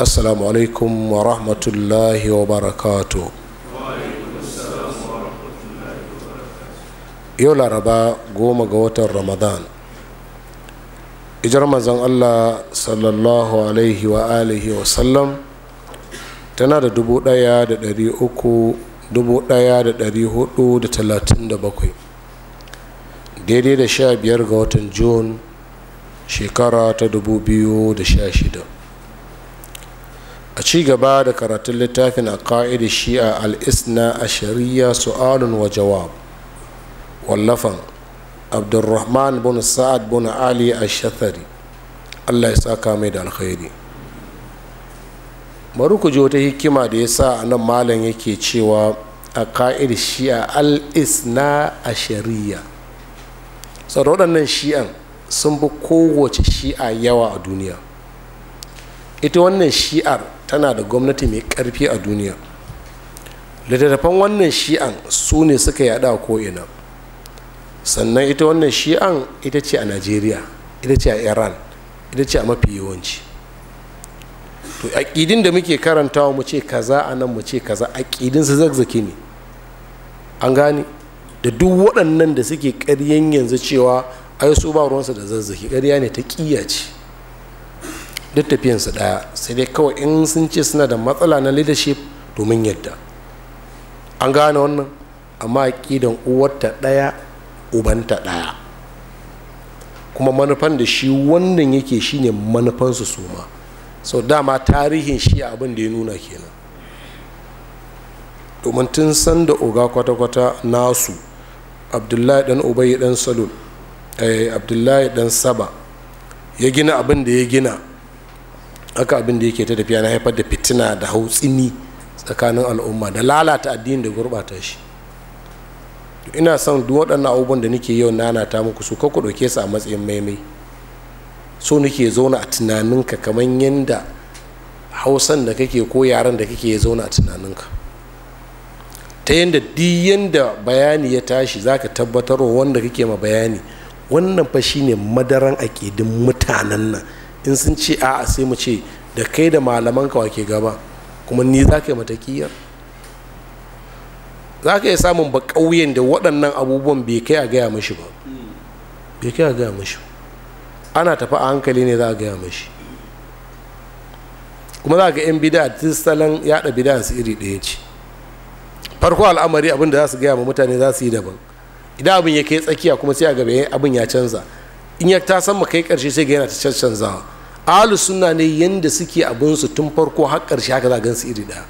assalamu alaikum wa rahmatullahi wa barakatu yau laraba goma ga watan ramadan ijar mazan allah sallallahu alaihi wa alihi wa sallam tana da dubu daya da dari uku dubu daya da dari hudu da talatin da bakwai daidai da sha biyar ga watan june shekara ta dubu biyu da sha shida a ci gaba da karatun littafin a ka'idar shi'a al'isna a shari'a su'alun wa jawab wallafan abdulrahman bin sa'ad bin ali a shatari allah ya saka mai da alkhairi bari ku ji wata hikima da ya sa a nan malam yake cewa a ka'idar shi'a al'isna a shari'a waɗannan shi'an sun fi kowace shi'a yawa a duniya ita wannan shi'ar tana da gwamnati mai karfi a duniya littattafan wannan shi'an su ne suka yada ko'ina sannan ita wannan shi'an ita ce a najeriya ita ce a iran ita ce a mafi yawanci to aƙidin da muke karantawa mu ce kaza a nan mu ce kaza aƙidin su zagzake ne an gane da duk waɗannan da suke ƙaryen yanzu cewa ai su ba ruwansa da zazzaki ƙarya ne ta ƙiya ce duk tafiyansu ɗaya sai dai kawai in sun ce suna da matsala na leadership domin yadda an gane wannan amma ƙidan uwarta ɗaya ubanta ɗaya kuma manufan da shi wannan yake shine manufansu su ma sau dama tarihin shi abin da ya nuna kenan domin tun san da oga kwata-kwata nasu abdullahi dan ubayi dan salul eh, abdullahi dan saba ya gina abin da ya gina haka abin da yake ta tafiya na haifar da fitina da hautsini tsakanin al'umma da lalata addini da gurbata shi ina son duk waɗannan abubuwan da nake yau ta muku su ku ɗauke su a matsayin maimai so nake zauna a tunaninka kamar yadda hausan da kake ko yaren da kake zauna a tunaninka ta yadda duk yadda bayani ya tashi za ka tabbatarwa wanda kake ma bayani wannan fa shine madaran aƙidin mutanen nan in sun ce a'a sai mu ce da kai da malamanka ke gaba kuma ni za ka yi matakiya za ka iya samun ba ƙauyen da waɗannan abubuwan bai kai a gaya mashi ba bai kai a gaya mashi ana tafi a hankali ne za a gaya mashi kuma za ga 'yan bida tun salon yaɗa bida su iri ɗaya ce farko al'amari abin da za su gaya ma mutane za su yi daban idan abin ya kai tsakiya kuma sai a gaba abin ya canza in ya ta san kai karshe sai ga yana ta canzawa alu suna ne yadda suke abunsu tun farko har karshe haka za gansu iri ɗaya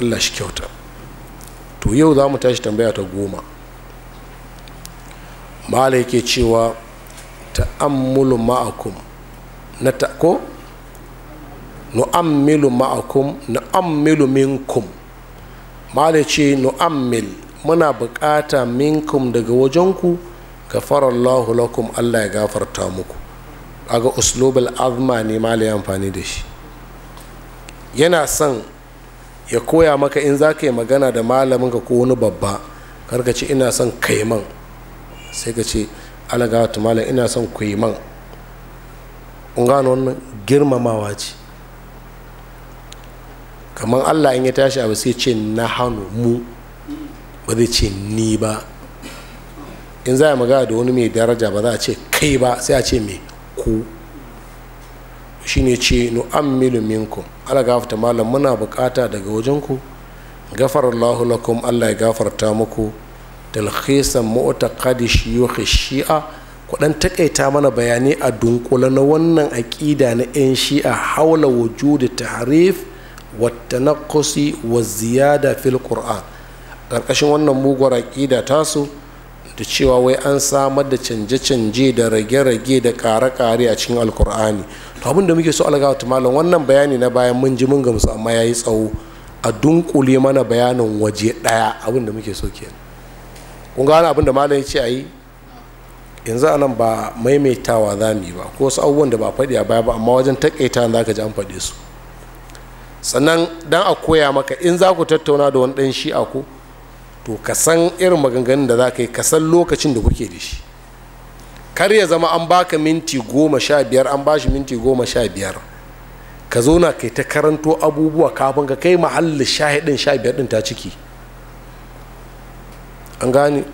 Allah shi kyauta to yau za mu tashi tambaya ta goma mala yake cewa ta ta'ammulu ma'akum na ta ko nu'ammilu ma'akum nu'ammilu minkum mala ce nu'ammil muna bukata minkum daga wajenku ku gafarallahu lakum allah ya gafarta muku aga uslubul azma ne mali amfani da shi yana son ya koya maka in za ka yi magana da malamin ka ko wani babba karka ce ina son kaiman sai ka ce alagawatu malam ina son kaiman in gano wannan girmamawa ce kamar allah in ya tashi abu sai ce na hannu mu ba zai ce ni ba in za a magana da wani mai daraja ba za a ce kai ba sai a ce mai ku shi ne ce nu'ammilu minkum ala gafata malam muna bukata daga wajenku gafarallahu lakum allah ya gafarta muku talhisan mu'taqadi yohe shi'a ku dan takaita mana bayani a dunkula na wannan aƙida na yan shi'a haula wujudi tahrif wa tanaqqusi wa ziyada fil qur'an karkashin wannan muguwar aƙida tasu da cewa wai an samar da canje-canje da rage-rage da kare-kare a cikin alkur'ani to abin da muke so algawa malam wannan bayani na bayan mun ji mun gamsu amma ya yi tsawo a dunkule mana bayanin waje ɗaya abin da muke so kenan kun gane abin da malam ya ce a yi yanzu a nan ba maimaitawa za mu yi ba ko wasu abubuwan da ba faɗi a baya ba amma wajen takaita za ka ji an faɗe su sannan dan a koya maka in za ku tattauna da wani dan shi'a ko to ka san irin maganganun da za ka yi ka san lokacin da kuke da shi kar ya zama an baka minti goma sha biyar an bashi minti goma sha biyar ka zo na kai ta karanto abubuwa kafin ka kai mahallin hidin sha biyar din ta ciki an gane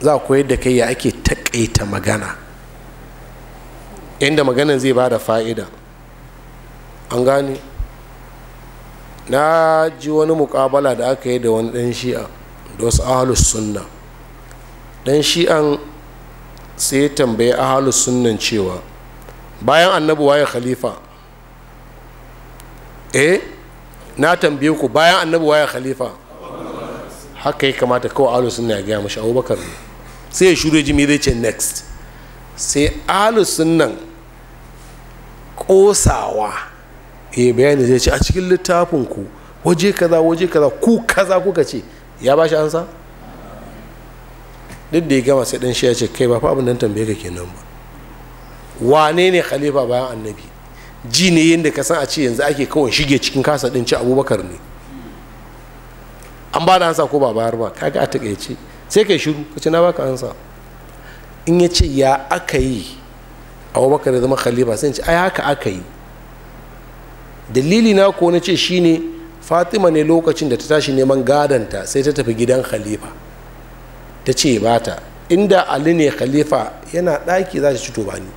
za ku yadda kai ya ake takaita magana inda maganan zai ba da fa'ida an gane na ji wani mukabala da aka yi da wani ɗan shi'a da wasu ahalus sunna dan an sai tambayi ahalus sunnan cewa bayan annabi waye khalifa eh na tambaye ku bayan annabi waye khalifa haka ya kamata kawai ahalus sunna ya gaya mashi abubakar ne sai ya shuru ji zai ce next sai ahalus sunnan kosawa ya bayani zai ce a cikin littafin ku waje kaza waje kaza ku kaza kuka ce ya ba shi ansa duk da ya gama sai dan shi ya ce kai ba fa abin nan tambaye ka kenan ba wane ne khalifa bayan annabi ji ne yadda ka san a ce yanzu ake kawai shige cikin kasa din ci abubakar ne an ba da ansa ko ba bayar ba kaga a takaice sai kai shiru ka ce na baka ansa in ya ce ya aka yi abubakar ya zama khalifa sai ce ai haka aka yi dalili na ko na ce shine fatima ne lokacin da ta tashi neman gadanta sai ta tafi gidan khalifa ta ce ba ta inda ali ne khalifa yana ɗaki za ta ci to bani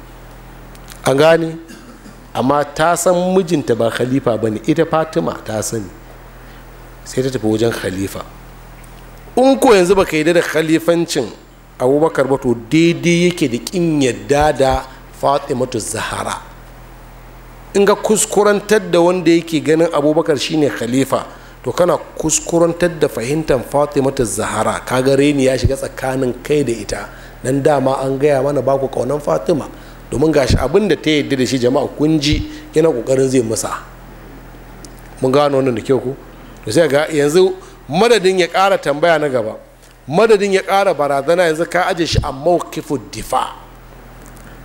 an gane amma ta san mijinta ba khalifa ba ne ita fatima ta sani sai ta tafi wajen khalifa in ko yanzu ba ka yi da khalifancin abubakar bato to daidai yake da kin yadda da fatimatu zahara in ga kuskurantar da wanda yake ganin abubakar shine khalifa to kana kuskurantar da fahimtar fatima ta zahara ga reni ya shiga tsakanin kai da ita nan dama an gaya mana ba ku kaunan fatima domin gashi abin da ta yadda da shi jama'a kunji ji yana kokarin zai masa mun gano wannan da kyau ku to sai ga yanzu madadin ya kara tambaya na gaba madadin ya kara barazana yanzu ka aje shi a mawkifu difa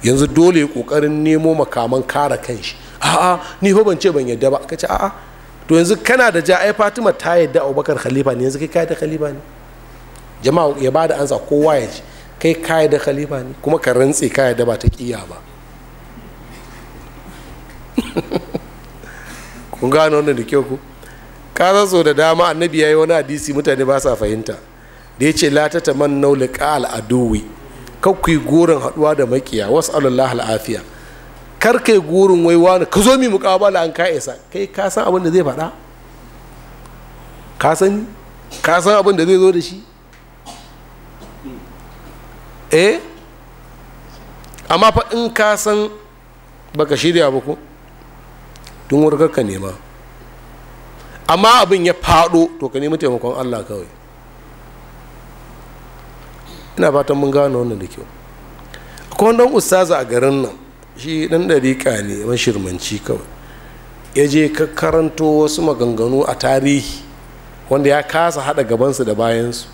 yanzu dole ya kokarin nemo makaman kare kanshi a'a ni ho ban ce ban yadda ba kace a'a to yanzu kana da ja ai Fatima ta yadda Abubakar khalifa ne yanzu kai kai da khalifa ne jama'a ya bada ansa kowa ya ji kai kai da khalifa ne kuma ka rantse kai da ba ta kiya ba kun gano wannan da kyau ku ka so da dama annabi yayi wani hadisi mutane ba sa fahimta da ya ce la ta tamannu liqa al aduwi yi gorin haduwa da makiya wasu al'afiya kar yi gurin wai wani ka zo mi muƙabala an ka isa kai ka san abin da zai faɗa ka san ka san abin da zai zo da shi eh amma fa in ka san baka shirya ba ko tun warkar ka nema amma abin ya faɗo to ka nemi taimakon allah kawai ina fatan mun gano wannan da kyau akwai wanda ustaza a garin nan shi dan dariƙa ne mashirmanci kawai ya je karanto wasu maganganu a tarihi wanda ya kasa haɗa gabansu da bayansu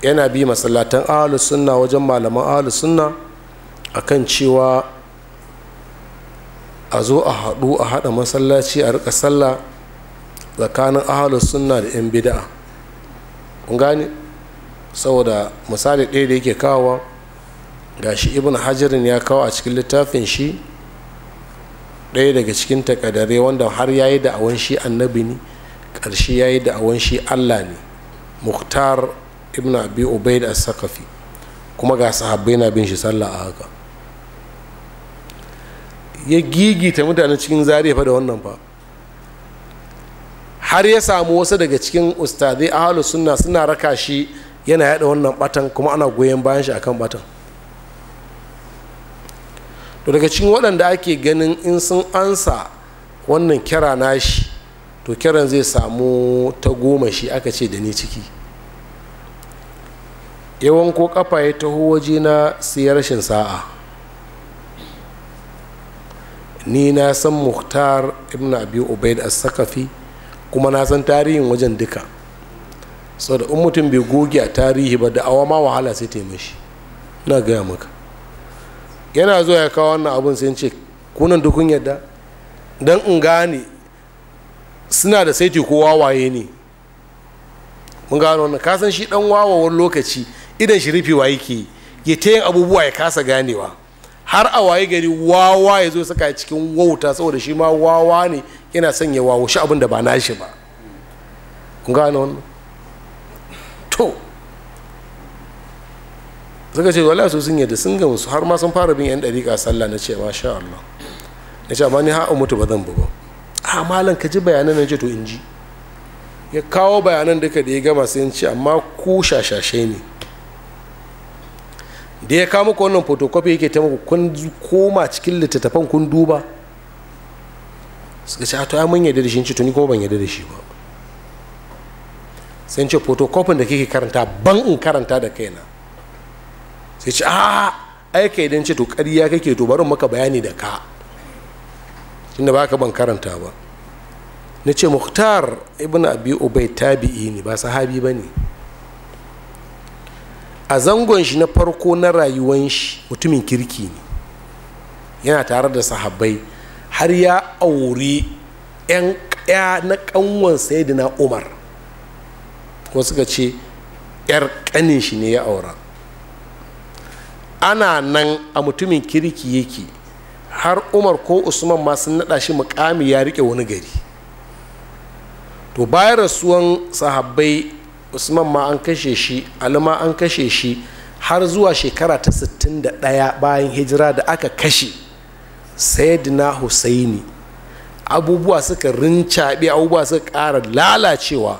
yana bi masallatan ahal sunna wajen malaman ahal sunna akan cewa a zo a haɗu a haɗa masallaci a rika sallah tsakanin ahal sunna da 'yan bida'a kun saboda misali ɗaya da yake kawowa gashi ibn hajarin ya kawo a cikin littafin shi ɗaya daga cikin takadare wanda har ya yi da'awan shi annabi ne ƙarshe ya yi da'awan shi allah ne muhtar ibn abi ubaid as-sakafi kuma ga sahabbai na bin shi sallah a haka ya gigita mutane cikin zariya fa da wannan fa har ya samu wasu daga cikin ustazai ahalu sunna suna raka shi yana yada wannan batan kuma ana goyon bayan shi akan batan to daga cikin waɗanda ake ganin in sun ansa wannan kira nashi to kiran zai samu ta goma shi aka ce da ni ciki yawan ko kafa ya taho waje na siyar rashin sa'a ni na san muhtar ibn abi ubaid as-sakafi kuma na san tarihin wajen duka saboda in mutum bai goge a tarihi ba da awa ma wahala sai ta yi na gaya maka yana zuwa ya kawo wannan abin sai ce kunan dukun yadda don in gane suna da saiti ko wawaye ne mun gano wannan kasan shi dan wawawan lokaci idan shi rufe rufewa yake ya ta yin abubuwa ya kasa ganewa har a waye gari wawa ya zo saka cikin wauta saboda shi ma wawa ne yana sanya wawo shi abin da ba nashi ba mun gano to suka ce wala su sun yadda sun gamu su har ma sun fara bin yan dariƙa sallah na ce masha Allah na ce amma ni ha'a mutu ba zan bu ba a ah, malam ka ji bayanan na ce to in ji ya kawo bayanan duka da ya gama sai ce amma ku shashashe ne da ya kawo muku wannan photocopy yake ta muku kun koma cikin littattafan kun duba suka ce a to ya mun yadda da shi ce to ni kuma ban yadda da shi ba sai ce photocopy da kike karanta ban in karanta da kaina sai ce a aika idan ce to karya kake to barin maka bayani da ka inda ba ka ban karanta ba na ce muhtar ibn abi ubai tabi'i ne ba sahabi ba ne a zangon shi na farko na rayuwan shi mutumin kirki ne yana tare da sahabbai har ya auri 'yan ƙya na ƙanwan sayidina umar kuma suka ce 'yar ƙanin shi ne ya aura ana nan a mutumin kirki yake har umar ko usman ma sun naɗa shi mukami ya rike wani gari to bayan rasuwan sahabbai usman ma an kashe shi alma an kashe shi har zuwa shekara ta 61 bayan hijira da aka kashe sayyidina husaini abubuwa suka rincaɓe abubuwa suka ƙara lalacewa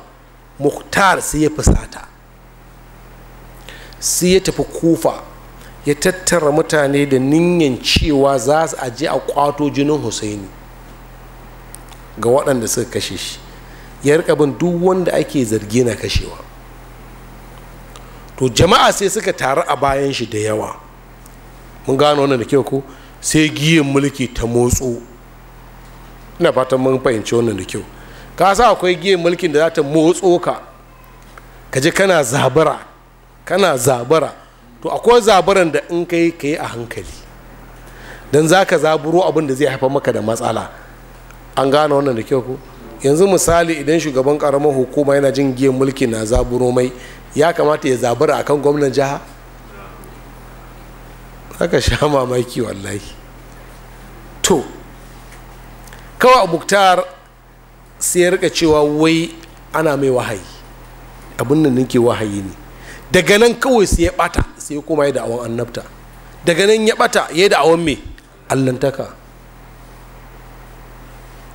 muktar sai ya fusata sai ya tafi kufa ya tattara mutane da ninyan cewa za su aje a kwato jinin husaini ga waɗanda suka kashe shi ya rika bin duk wanda ake zargi na kashewa to jama'a sai suka taru a bayan shi da yawa mun gano wannan da kyau ko sai giyan mulki ta motso ina fatan mun fahimci wannan da kyau ka sa akwai giyan mulkin da za ta motso ka ka ji kana zabara kana zabara to akwai zaburan da in kai ka yi a hankali don za ka zaburo abin da zai haifar maka da matsala an gane wannan da kyau ko yanzu misali idan shugaban karamar hukuma yana jin giyan mulki na zaburo mai ya kamata ya zabura akan gwamnan jiha ka sha mamaki wallahi to kawai muktar sai ya rika cewa wai ana mai wahayi abin da nake wahayi ne daga nan kawai sai ya bata sai koma ya da'awan annabta daga nan ya bata ya da'awan me allantaka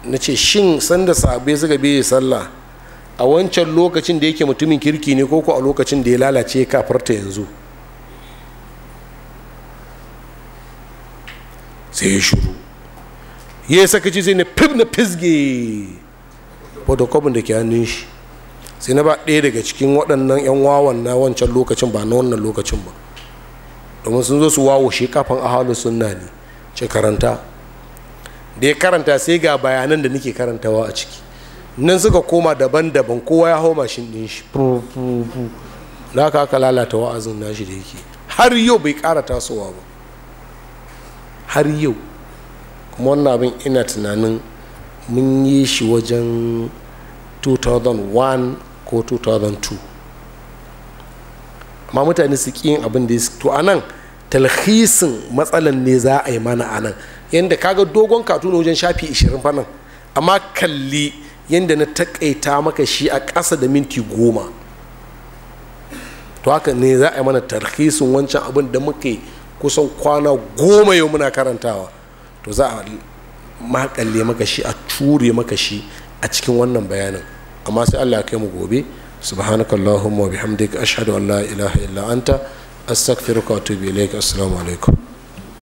na ce shin sanda sahabbai suka biye sallah a wancan lokacin da yake mutumin kirki ne ko a lokacin da ya lalace kafarta yanzu sai ya shuru ya sakaci sai na fib na fisge fotokobin da ke hannun shi sai na ba ɗaya daga cikin waɗannan 'yan wawan na wancan lokacin ba na wannan lokacin ba domin sun zo su wawo shi kafin ahalu sunna ne ce karanta da ya karanta sai ga bayanan da nake karantawa a ciki nan suka koma daban-daban kowa ya hau mashin ɗin shi da haka aka lalata wa'azin nashi da yake har yau bai ƙara tasowa ba har yau kuma wannan abin ina tunanin mun yi shi wajen 2001 ko 2002 amma mutane su yin abin da to a nan talhisin matsalan ne za a yi mana a nan yadda kaga dogon katuna wajen shafi 20 fannin amma kalli yadda na takaita maka shi a ƙasa da minti goma to haka ne za a yi mana talhisin wancan abin da muke kusan kwana goma yau muna karantawa to za a makalle maka shi a ture maka shi a cikin wannan bayanin amma sai allah kai mu gobe subhanakallahumma wa bihamdika ashhadu an la ilaha illa anta astaghfiruka wa atubu ilaik assalamu alaikum